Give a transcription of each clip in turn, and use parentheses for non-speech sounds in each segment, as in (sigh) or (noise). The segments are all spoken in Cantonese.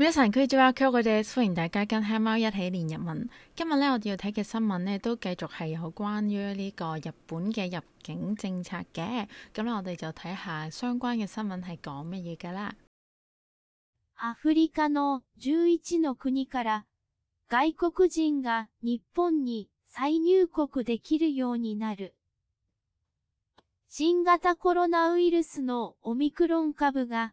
皆さん、こんにちは，我哋歡迎大家跟黑貓一起練日文。今日咧，我哋要睇嘅新聞咧，都繼續係有關於呢個日本嘅入境政策嘅。咁咧，我哋就睇下相關嘅新聞係講乜嘢噶啦。アフリカの11の國から外國人が日本に再入國できるようになる。新型コロナウイルスのオミクロン株が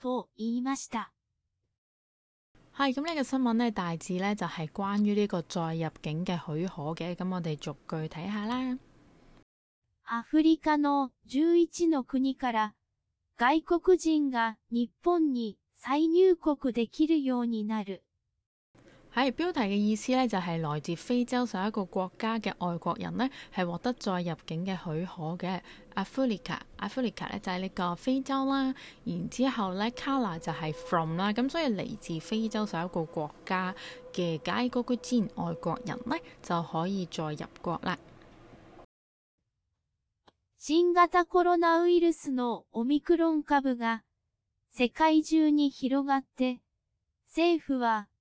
と言いました。係咁呢個新聞呢，大致呢就係關於呢個再入境嘅許可嘅，咁我哋逐句睇下啦。アフリカの11の國から外國人が日本に再入國できるようになる。係、hey, 標題嘅意思咧，就係、是、來自非洲某一個國家嘅外國人呢，係獲得再入境嘅許可嘅。Africa，Africa 咧 Africa 就係、是、呢個非洲啦。然之後咧から就係 from 啦。咁、嗯、所以嚟自非洲某一個國家嘅階居尖外國人呢，就可以再入國啦。新型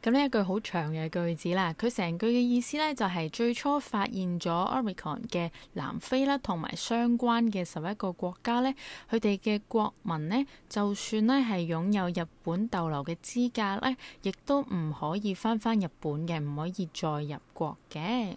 咁呢一句好長嘅句子啦，佢成句嘅意思咧就係、是、最初發現咗 Omicron 嘅南非啦，同埋相關嘅十一個國家咧，佢哋嘅國民呢，就算咧係擁有日本逗留嘅資格咧，亦都唔可以返返日本嘅，唔可以再入國嘅。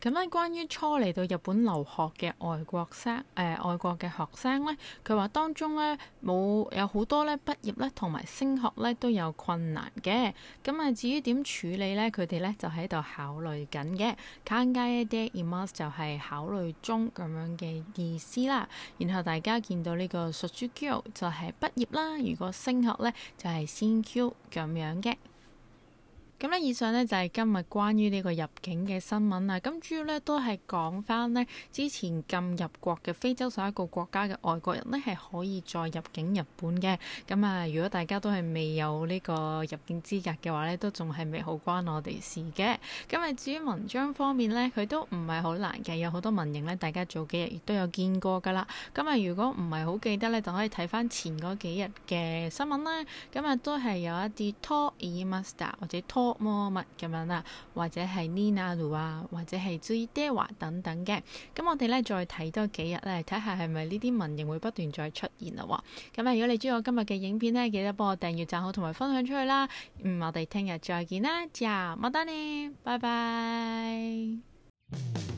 咁咧，關於初嚟到日本留學嘅外國生，誒、呃、外國嘅學生咧，佢話當中咧冇有好多咧畢業咧，同埋升學咧都有困難嘅。咁啊，至於點處理咧，佢哋咧就喺度考慮緊嘅。検討しています就係考慮中咁樣嘅意思啦。然後大家見到呢個卒業就係畢業啦。如果升學咧，就係進學咁樣嘅。咁咧，以上咧就係今日關於呢個入境嘅新聞啊！咁主要咧都係講翻呢之前禁入國嘅非洲某一個國家嘅外國人呢，係可以再入境日本嘅。咁啊，如果大家都係未有呢個入境資格嘅話呢，都仲係未好關我哋事嘅。咁啊，至於文章方面呢，佢都唔係好難嘅，有好多文型呢，大家早幾日亦都有見過噶啦。咁啊，如果唔係好記得呢，就可以睇翻前嗰幾日嘅新聞啦。咁啊，都係有一啲托爾 master 或者托摩物咁樣啦，或者係 Nina l 啊，或者係 Zidwa 等等嘅。咁我哋咧再睇多幾日咧，睇下係咪呢啲文型會不斷再出現嘞。咁啊，如果你知我今日嘅影片呢，記得幫我訂閱、讚好同埋分享出去啦。嗯，我哋聽日再見啦。じゃあまたね。拜拜。 (noise)